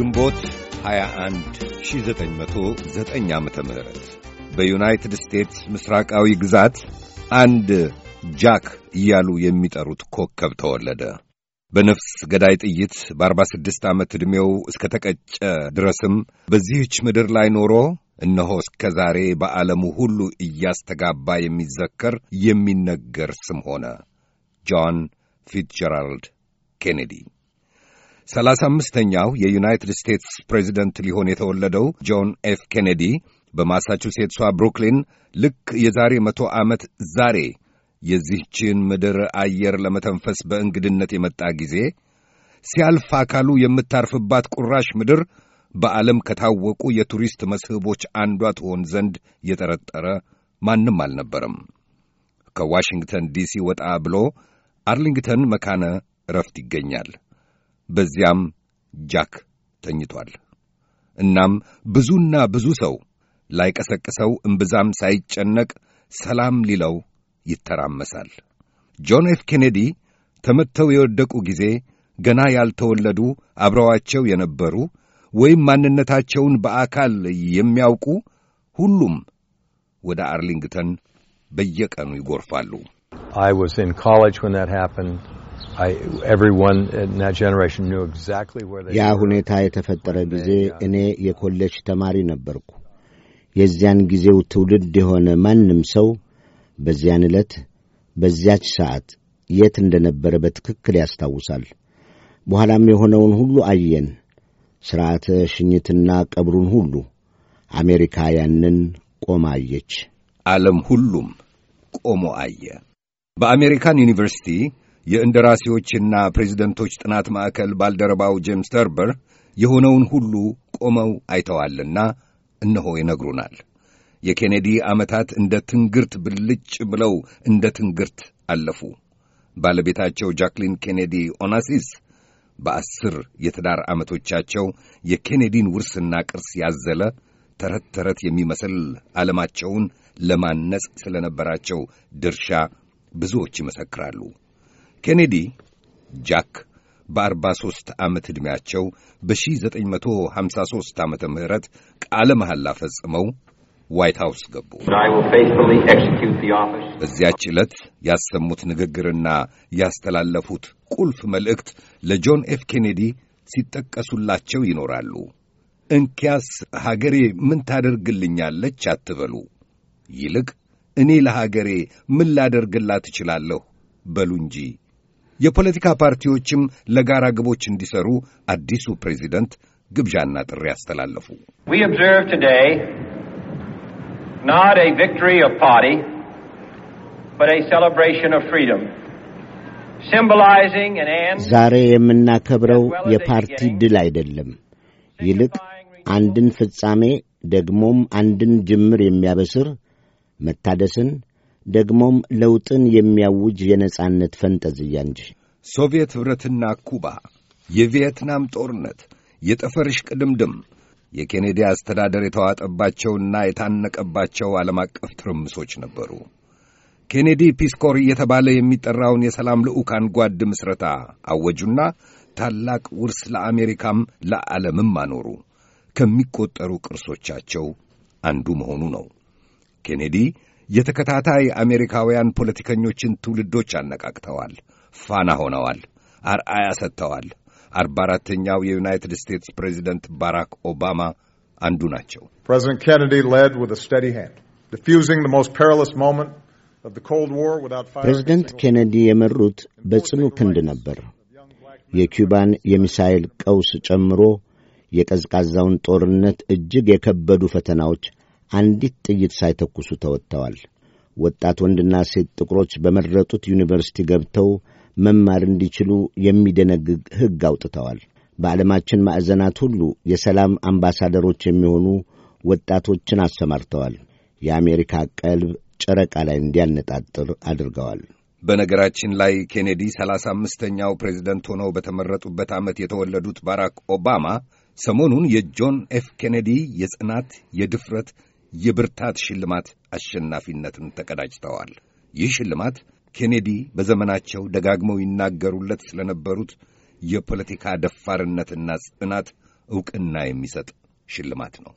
ግንቦት 21 1909 ዓ በዩናይትድ ስቴትስ ምስራቃዊ ግዛት አንድ ጃክ እያሉ የሚጠሩት ኮከብ ተወለደ። በነፍስ ገዳይ ጥይት በ46 ዓመት ዕድሜው እስከ ተቀጨ ድረስም በዚህች ምድር ላይ ኖሮ እነሆ እስከ ዛሬ በዓለሙ ሁሉ እያስተጋባ የሚዘከር የሚነገር ስም ሆነ ጆን ፊትጀራልድ ኬኔዲ። ሰላሳ አምስተኛው የዩናይትድ ስቴትስ ፕሬዚደንት ሊሆን የተወለደው ጆን ኤፍ ኬኔዲ በማሳቹሴትሷ ብሩክሊን ልክ የዛሬ መቶ ዓመት ዛሬ የዚህችን ምድር አየር ለመተንፈስ በእንግድነት የመጣ ጊዜ ሲያልፍ አካሉ የምታርፍባት ቁራሽ ምድር በዓለም ከታወቁ የቱሪስት መስህቦች አንዷ ትሆን ዘንድ የጠረጠረ ማንም አልነበረም። ከዋሽንግተን ዲሲ ወጣ ብሎ አርሊንግተን መካነ እረፍት ይገኛል። በዚያም ጃክ ተኝቷል። እናም ብዙና ብዙ ሰው ላይቀሰቅሰው እምብዛም ሳይጨነቅ ሰላም ሊለው ይተራመሳል። ጆን ኤፍ ኬኔዲ ተመትተው የወደቁ ጊዜ ገና ያልተወለዱ አብረዋቸው የነበሩ ወይም ማንነታቸውን በአካል የሚያውቁ ሁሉም ወደ አርሊንግተን በየቀኑ ይጎርፋሉ። I was in college when that happened. ያ ሁኔታ የተፈጠረ ጊዜ uh, እኔ የኮሌጅ ተማሪ ነበርኩ። የዚያን ጊዜው ትውልድ የሆነ ማንም ሰው በዚያን ዕለት በዚያች ሰዓት የት እንደነበረ በትክክል ያስታውሳል። በኋላም የሆነውን ሁሉ አየን። ሥርዓተ ሽኝትና ቀብሩን ሁሉ አሜሪካ ያንን ቆማ አየች። ዓለም ሁሉም ቆሞ አየ። በአሜሪካን ዩኒቨርሲቲ የእንደራሴዎችና ፕሬዚደንቶች ጥናት ማዕከል ባልደረባው ጄምስ ተርበር የሆነውን ሁሉ ቆመው አይተዋልና እነሆ ይነግሩናል። የኬኔዲ ዓመታት እንደ ትንግርት ብልጭ ብለው እንደ ትንግርት አለፉ። ባለቤታቸው ጃክሊን ኬኔዲ ኦናሲስ በአስር የትዳር ዓመቶቻቸው የኬኔዲን ውርስና ቅርስ ያዘለ ተረት ተረት የሚመስል ዓለማቸውን ለማነጽ ስለነበራቸው ድርሻ ብዙዎች ይመሰክራሉ። ኬኔዲ ጃክ በአርባ ሦስት ዓመት ዕድሜያቸው በ1953 ዓመተ ምህረት ቃለ መሐላ ፈጽመው ዋይት ሃውስ ገቡ። በዚያች ዕለት ያሰሙት ንግግርና ያስተላለፉት ቁልፍ መልእክት ለጆን ኤፍ ኬኔዲ ሲጠቀሱላቸው ይኖራሉ። እንኪያስ ሀገሬ ምን ታደርግልኛለች አትበሉ፣ ይልቅ እኔ ለሀገሬ ምን ላደርግላት እችላለሁ በሉ እንጂ የፖለቲካ ፓርቲዎችም ለጋራ ግቦች እንዲሰሩ አዲሱ ፕሬዚደንት ግብዣና ጥሪ አስተላለፉ። ዛሬ የምናከብረው የፓርቲ ድል አይደለም፣ ይልቅ አንድን ፍጻሜ ደግሞም አንድን ጅምር የሚያበስር መታደስን ደግሞም ለውጥን የሚያውጅ የነጻነት ፈንጠዝያ እንጂ። ሶቪየት ኅብረትና ኩባ፣ የቪየትናም ጦርነት፣ የጠፈርሽ ቅድምድም የኬኔዲ አስተዳደር የተዋጠባቸውና የታነቀባቸው ዓለም አቀፍ ትርምሶች ነበሩ። ኬኔዲ ፒስኮር እየተባለ የሚጠራውን የሰላም ልዑካን ጓድ ምስረታ አወጁና ታላቅ ውርስ ለአሜሪካም ለዓለምም አኖሩ። ከሚቈጠሩ ቅርሶቻቸው አንዱ መሆኑ ነው። ኬኔዲ የተከታታይ አሜሪካውያን ፖለቲከኞችን ትውልዶች አነቃቅተዋል፣ ፋና ሆነዋል፣ አርአያ ሰጥተዋል። አርባ አራተኛው የዩናይትድ ስቴትስ ፕሬዚደንት ባራክ ኦባማ አንዱ ናቸው። ፕሬዚደንት ኬነዲ ሌድ ዊዝ አ ስቴዲ ሃንድ ዲፊውዚንግ ዘ ሞስት ሞመንት ፕሬዚደንት ኬነዲ የመሩት በጽኑ ክንድ ነበር። የኪውባን የሚሳይል ቀውስ ጨምሮ የቀዝቃዛውን ጦርነት እጅግ የከበዱ ፈተናዎች አንዲት ጥይት ሳይተኩሱ ተወጥተዋል። ወጣት ወንድና ሴት ጥቁሮች በመረጡት ዩኒቨርሲቲ ገብተው መማር እንዲችሉ የሚደነግግ ሕግ አውጥተዋል። በዓለማችን ማዕዘናት ሁሉ የሰላም አምባሳደሮች የሚሆኑ ወጣቶችን አሰማርተዋል። የአሜሪካ ቀልብ ጨረቃ ላይ እንዲያነጣጥር አድርገዋል። በነገራችን ላይ ኬኔዲ ሰላሳ አምስተኛው ፕሬዚደንት ሆነው በተመረጡበት ዓመት የተወለዱት ባራክ ኦባማ ሰሞኑን የጆን ኤፍ ኬኔዲ የጽናት የድፍረት የብርታት ሽልማት አሸናፊነትን ተቀዳጅተዋል። ይህ ሽልማት ኬኔዲ በዘመናቸው ደጋግመው ይናገሩለት ስለነበሩት የፖለቲካ ደፋርነትና ጽናት ዕውቅና የሚሰጥ ሽልማት ነው።